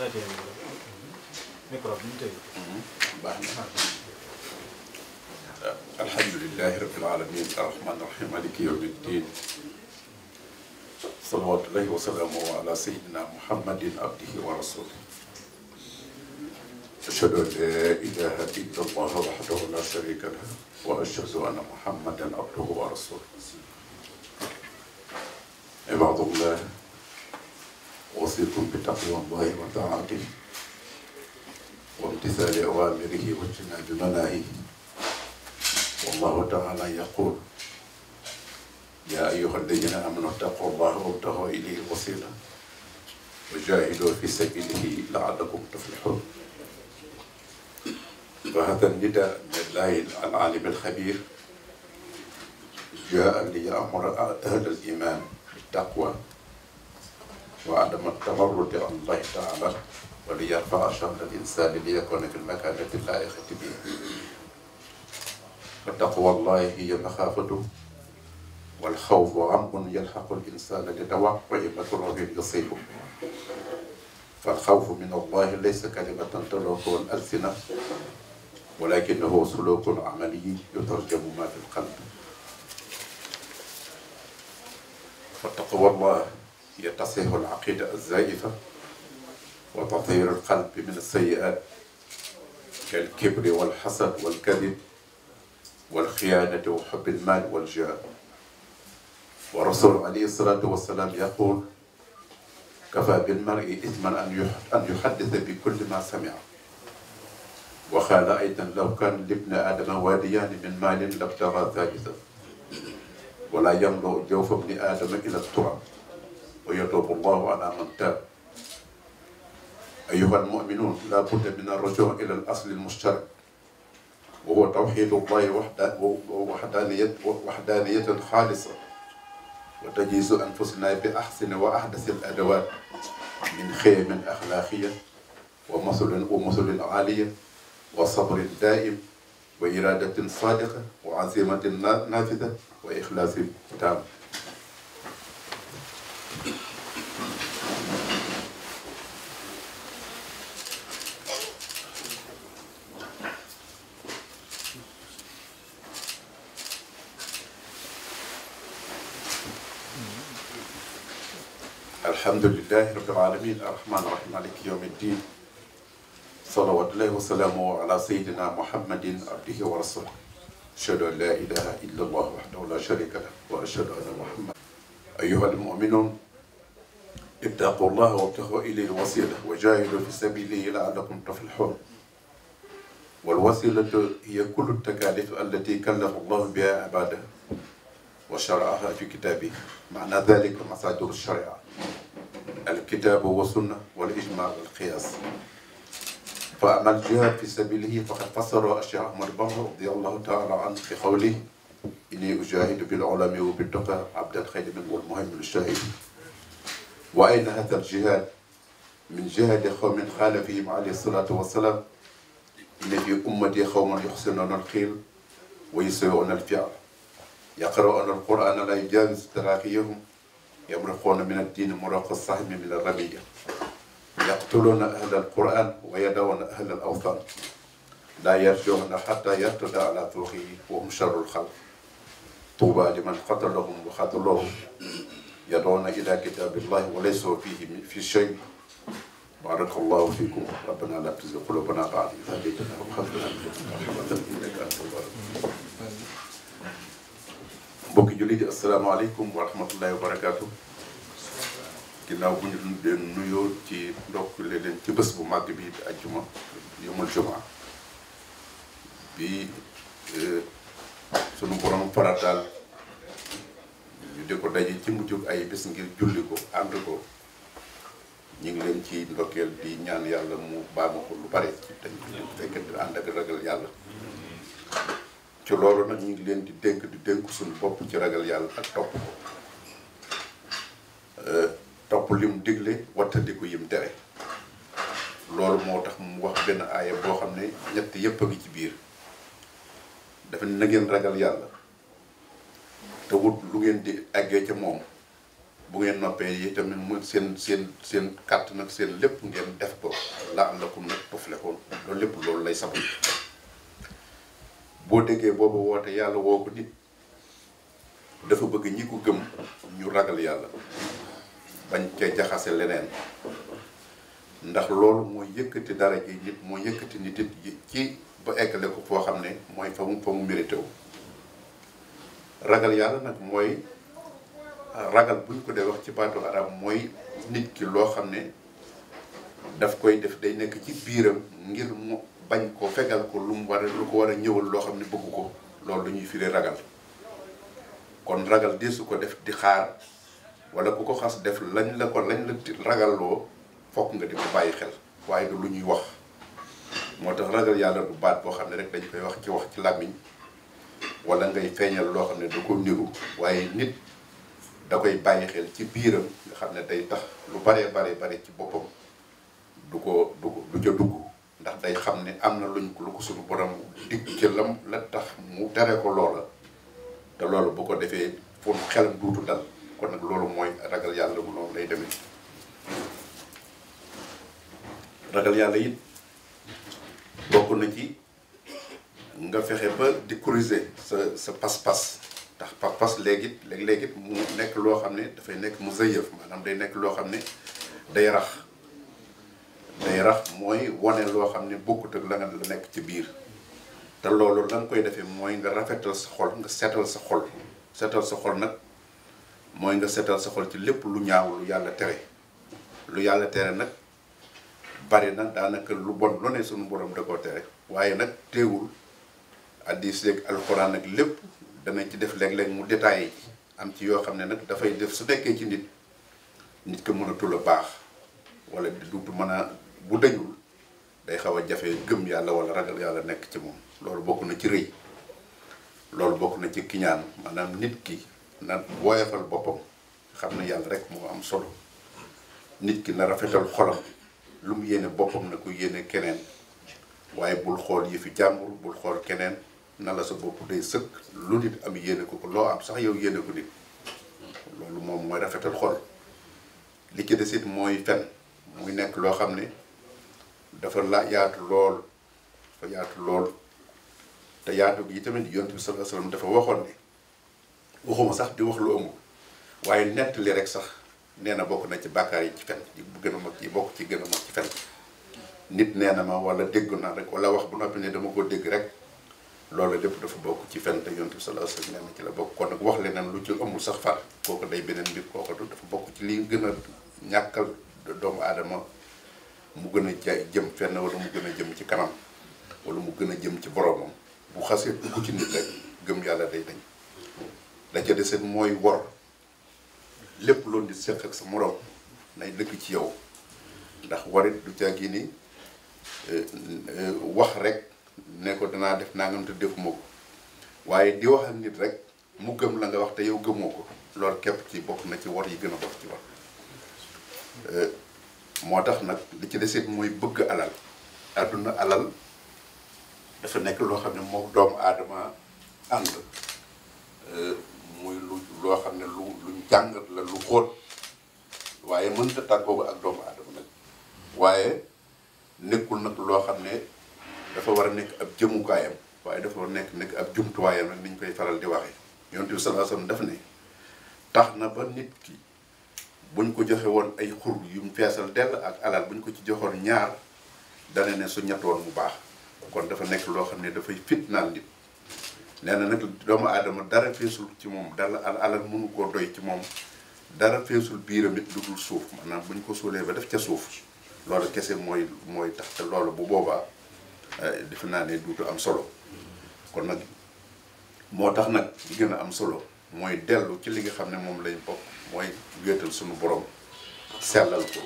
micro mm-hmm. bi ñu tëj. baax na. alhamdulilahi rabbil alamin arrahmani rahim maliki yawmi ddin salawatullahi wa salaamuhu ala sayyidina muhammadin abdihi wa rasulihi أشهد أن لا إله إلا الله وحده لا شريك له وأشهد أن محمدا عبده ورسوله عباد الله أوصيكم بتقوى الله وطاعته وامتثال أوامره واجتناب مناهيه والله تعالى يقول يا أيها الذين آمنوا اتقوا الله وابتغوا إليه الوسيلة وجاهدوا في سبيله لعلكم تفلحون فهذا النداء من الله العالم الخبير جاء ليأمر أهل الإيمان بالتقوى وعدم التمرد عن الله تعالى وليرفع شأن الإنسان ليكون في المكانة اللائقة به فتقوى الله هي مخافته والخوف عمق يلحق الإنسان لتوقع مكروه يصيبه فالخوف من الله ليس كلمة تلوحه الألسنة ولكنه سلوك عملي يترجم ما في القلب فاتقوا الله يتصح العقيدة الزائفة وتطهير القلب من السيئات كالكبر والحسد والكذب والخيانة وحب المال والجاه ورسول عليه الصلاة والسلام يقول كفى بالمرء إثما أن يحدث بكل ما سمع وقال أيضا لو كان لابن آدم واديان من مال لابتغى ثالثا ولا يملأ جوف ابن آدم إلى التراب ويتوب الله على من تاب أيها المؤمنون لا بد من الرجوع إلى الأصل المشترك وهو توحيد الله وحده وحدانية وحدانية خالصة وتجهيز أنفسنا بأحسن وأحدث الأدوات من خيم أخلاقية ومثل ومثل عالية وصبر دائم وإرادة صادقة وعزيمة نافذة وإخلاص تام alhamdulilahi rabbil alamin arrahman arrahim maliki yawmi ddin salawatullahi wasalaamu ala sayidina muhammadin abdihi wa rasulih ashhadu an la ilaha illa allah wahdahu la sharika lah wa ashhadu anna muhammad ayuha almuminun ittaqu llah wabtahu ilayhi alwasila wa jahidu fi sabilihi laallakum tuflihun walwasilatu hiya kullu takalif allati kallafa llahu biha ibadahu wa sharaha fi kitabihi maana dhalika masadiru sharia الكتاب والسنة والإجماع والقياس فأما الجهاد في سبيله فقد فسر الشيخ أحمد بن رضي الله تعالى عنه بقوله إني أجاهد بالعلم وبالتقى عبد الخير من والمهم للشهيد وأين هذا الجهاد من جهاد قوم قال فيهم عليه الصلاة والسلام إن في أمتي قوم يحسنون القيل ويسيئون الفعل يقرؤون القرآن لا يجاوز تراقيهم يمرقون من الدين مراق الصحب من الرمية يقتلون أهل القرآن ويدعون أهل الأوثان لا يرجعون حتى يرتد على ذوقه وهم شر الخلق طوبى لمن قتلهم وخذلوهم يدعون إلى كتاب الله وليسوا فيه في شيء بارك الله فيكم ربنا لا تزغ قلوبنا بعد إذ هديتنا وهب لنا من لدنك رحمة إنك أنت الوهاب mbokki jullit yi asalaamaaleykum wa rahmatullahi wa barakaatu. ginnaaw bu ñu leen nuyoo ci ndokkule leen ci bés bu màgg bi di ajjuma yomul juma bi eh, sunu borom farataal ñu di ko daje ci mujjug ay bés ngir julli ko ànd ko ñu ngi leen ci ndokkeel di ñaan yàlla mu baamu ko lu bare ci dañ fekkee di ànd ak ragal yàlla ci loolu nag ñu ngi leen di dénk di dénk suñu bopp ci ragal yàlla ak topp ko eh, topp lim digle wattandiku yim tere loolu moo tax mu wax benn aaya boo xam ne ñett yépp a ngi ci biir dafa ne na ragal yàlla te wut lu ngeen di àggee ca moom bu ngeen noppee yi tamit mu seen seen seen kàtt nag seen lépp ngeen def ko la la ko nag tuflexoon loolu lépp loolu lay sabab boo déggee boobu woote yàlla woo ko nit dafa bëgg ñi ko gëm ñu ragal yàlla bañ ca jaxase leneen ndax loolu mooy yëkkati dara ji nit moo yëkkati nit it ci ba eggale ko foo xam ne mooy fa mu fa mu mérité wu ragal yàlla nag mooy ragal buñ ko dee wax ci baatu arab mooy nit ki loo xam ne daf koy def day nekk ci biiram ngir mu bañ ko fegal ko lu mu war lu ko war a ñëwal loo xam ne bëgg ko loolu lu ñuy firi ragal kon ragal deesu ko def di xaar wala ku ko xas def lañ la ko lañ la ragalloo fokk nga di ko bàyyi xel waaye du lu ñuy wax moo tax ragal yàlla du baat boo xam ne rek dañ koy wax ci wax ci làmmiñ wala ngay feeñal loo xam ne da ko waaye nit da koy bàyyi xel ci biiram nga xam ne day tax lu baree bare bare ci boppam du ko du ko du ca dugg ndax day xam ne am na lu ko lu ko suñu borom digg ci la la tax mu tere ko la te loolu bu ko defee foofu xel duutu dal kon nag loolu mooy ragal yàlla bu noonu lay demee ragal yàlla it bokk na ci nga fexe ba di corriger sa sa pas-pas ndax pas-pas léegit léeg-léegit mu nekk loo xam ne dafay nekk mu zëyëf maanaam day nekk loo xam ne day rax day rax mooy wane loo xam ne bokkut ak la nga la nekk ci biir te loolu la nga koy defee mooy nga rafetal sa xol nga seetal sa xol seetal sa xol nag mooy nga seetal sa ci lépp lu ñaaw lu yàlla tere lu yàlla tere nag bari na daanaka lu bon lu ne suñu borom da koo tere waaye nag teewul addis yeeg alxuraan nag lépp danañ ci def léeg-léeg mu détaillé ci am ci yoo xam ne nag dafay def su nekkee ci nit nit ko mënatul a baax wala du mën a bu dañul day xaw a jafe gëm yàlla wala ragal yàlla nekk ci moom loolu bokk na ci rëy loolu bokk na ci kiñaan maanaam nit ki na woyofal boppam xam na yàlla rek moo am solo nit ki na rafetal xolam lu mu yéene boppam na ku yéene keneen waaye bul xool yi fi jàmbur bul xool keneen na la sa bopp day sëkk lu nit am yéene ko ko loo am sax yow yéene ko nit loolu moom mooy rafetal xol li ci desit mooy fen muy nekk loo xam ne dafa la yaatu lool dafa yaatu lool te yaatu gi tamit yonent bi sallallahu alayhi wasallam dafa waxoon ne waxuma sax di wax lu amul waaye nett li rek sax nee na bokk na ci baakaar yi ci fen bu gën a mag ci bokk ci gën a mag ci fen nit nee na ma wala dégg naa rek wala wax bu noppi ne dama ko dégg rek loolu lépp dafa bokk ci fen te yonent bi sallallahu bokk kon nag wax leneen lu ci amul sax far kooku day beneen mbir kooku du dafa bokk ci li gën a ñàkkal doomu aadama mu gën a jëm fenn wala mu gën a jëm ci kanam wala mu gën a jëm ci boromam bu xasee dugg ci nit rek gëm yàlla day dañ da ca des mooy wor lépp loolu di seq ak sa moroom nay dëkk ci yow ndax warit du càggi ni eh, eh, wax rek ne ko danaa def nangam te defuma ko waaye di wax ak nit rek mu gëm la nga wax te yow gëmoo ko loolu képp ci bokk na ci wor yi gën a bokk ci wor eh, moo tax nag li ci desit mooy bëgg alal àdduna alal dafa nekk loo xam ne moom doomu aadama ànd loo xam ne lu luñ jàngat la lu xóot waaye mënta tàggoo ak doomu aadama nag waaye nekkul nag loo xam ne dafa war a nekk ab jëmmukaayam waaye dafa war nekk nekk ab jumtuwaayam nag ni ñu koy faral di waxee. yonent bi sallallahu alayhi ne tax na ba nit ki buñ ko joxe woon ay xur yu mu feesal dell ak alal buñ ko ci joxoon ñaar dana ne su ñett bu baax kon dafa nekk loo xam ne dafay fitnaal nit. nee na nag doomu aadama dara feesul ci moom dara alal mënu koo doy ci moom dara feesul biiram it lu dul suuf maanaam bu ñu ko suulee ba def ca suuf loolu kese mooy mooy tax te loolu bu boobaa eh, defe naa ne duutu am solo kon nag moo tax nag li gën a am solo mooy dellu ci li nga xam ne moom lañ bokk mooy wéetal sunu borom sellal ko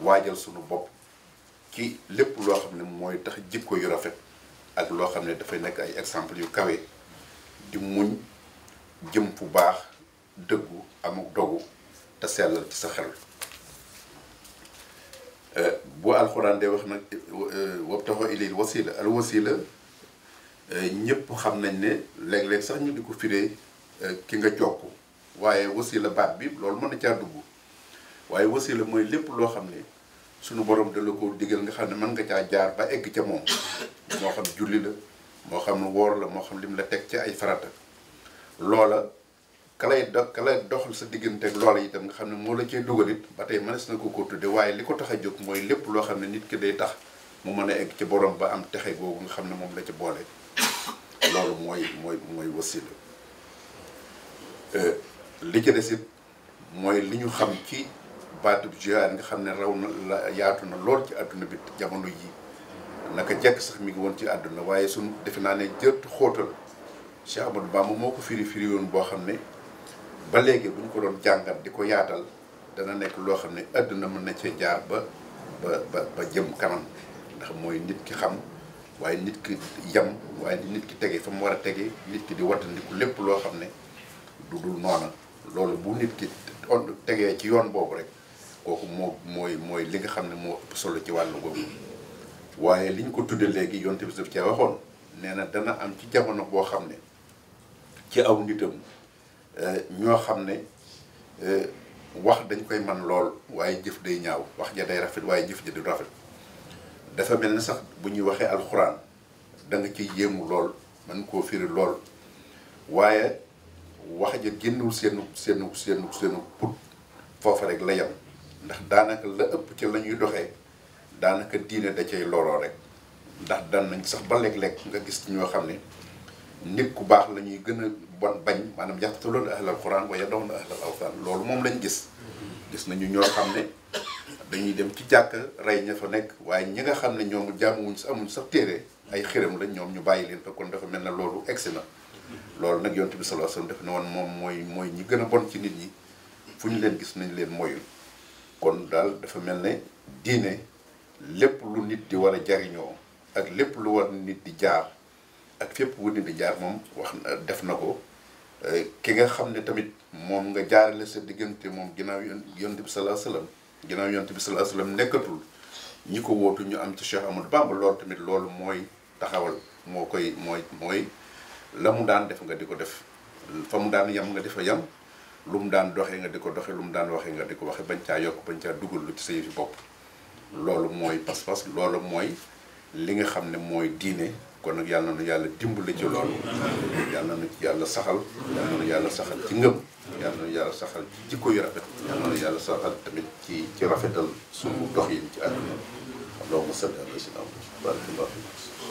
waajal suñu bopp ci lépp loo xam ne mooy tax jikko yu rafet ak loo xam ne dafay nekk ay exemple yu kawe. di muñ jëm fu baax dëggu amuk dogu te sellal ci sa xel euh, boo alxuraan de wax nag euh, wabtaxoo ilil wasila al wasila euh, ñëpp xam nañ ne léeg-léeg sax ñu di ko firee ki nga jokk waaye wasila baat bii loolu mën a caa dugg waaye wasila mooy lépp loo xam ne sunu borom da la ko digal nga xam ne mën nga caa jaar ba egg ca moom moo xam julli la moo xam woor la moo xam lim la teg ci ay farata loola ka lay do ka doxal sa diggante ak loola itam nga xam ne moo la cee dugal ba tey mënees na ko ko tudde waaye li ko tax a jóg mooy lépp loo xam ne nit ki day tax mu mën a egg ci borom ba am texe googu xam ne moom la ci boole mooy mooy mooy wasila euh, li ci des it mooy li ñu xam ci baatub jihaad nga xam ne raw na la yaatu na lool ci àdduna bi jamono yi naka jekk sax mi ngi woon ci àdduna waaye suñ defe naa ne jët xóotal Cheikh Amadou Bamba moo ko firi firi woon boo xam ne ba léegi bu ñu ko doon jàngat di ko yaatal dana nekk loo xam ne àdduna mën na cee jaar ba ba ba ba jëm kanam ndax mooy nit ki xam waaye nit ki yem waaye nit ki tege fa mu war a tege nit ki di wattandiku lépp loo xam ne du dul noona loolu bu nit ki on tegee ci yoon boobu rek kooku moo mooy mooy li nga xam ne moo ëpp solo ci wàllu boobu waaye liñ ko tuddee léegi yoon bi daf cee waxoon nee na dana am ci jamono boo xam ne ci aw nitam eh, ñoo xam ne eh, wax dañ koy man lool waaye jëf day ñaaw wax ja day rafet waaye jëf ja du rafet dafa mel sax bu ñuy waxee alxuraan danga nga ciy yéemu lool mën koo firi lool waaye wax ja génnul seenu seenu seenu seenu put foofa rek la yem ndax daanaka la ëpp ci la ñuy doxee daanaka diine da cay loroo rek ndax dan nañ sax ba léeg lekk nga gis ñoo xam ne nit ku baax la ñuy gën a bon bañ maanaam yaqtuluuna ahlal quraan wa yad'uuna ahlal awthaan loolu moom lañ gis gis nañu ñoo xam ne dañuy dem ci jàkk rey ña fa nekk waaye ñi xam ne ñoom jaamuwuñ sa amuñ sax téere ay xiram lañ ñoom ñu bàyyi leen fa kon dafa mel ne loolu egsi na loolu nag yonent bi sallallahu alayhi wasallam dafa ne woon moom mooy mooy ñi gën a bon ci nit ñi fu ñu leen gis nañ leen moyul kon daal dafa mel ne diine lépp lu nit di war a jariñoo ak lépp lu war nit di jaar ak fépp wu nit di jaar moom wax na def na ko euh, ki nga xam ne tamit moom nga jaarale sa diggante moom ginnaaw yonent bi sallallahu alayhi wasallam ginnaaw yonent bi sallallahu alayhi wasallam nekkatul ñi ko wootu ñu am ci Cheikh Amadou Bamba loolu tamit loolu mooy taxawal moo koy mooy mooy la mu daan def nga di ko def fa mu daan yam nga di fa yam lu mu daan doxee nga di ko doxee lu mu daan waxee nga di ko waxee bañ caa yokk bañ caa dugal lu ci sa yëfi bopp loolu mooy pas-pas loolu mooy li nga xam ne mooy diine kon nag yàlla na nu yàlla dimbali ci loolu yàlla na ci yàlla saxal yàlla na nu yàlla saxal ci ngëm yàlla na nu yàlla saxal ci jikko yu rafet yàlla na nu yàlla saxal tamit ci ci rafetal su dox yi ci àdduna allahumma salli ala sayyidina Muhammad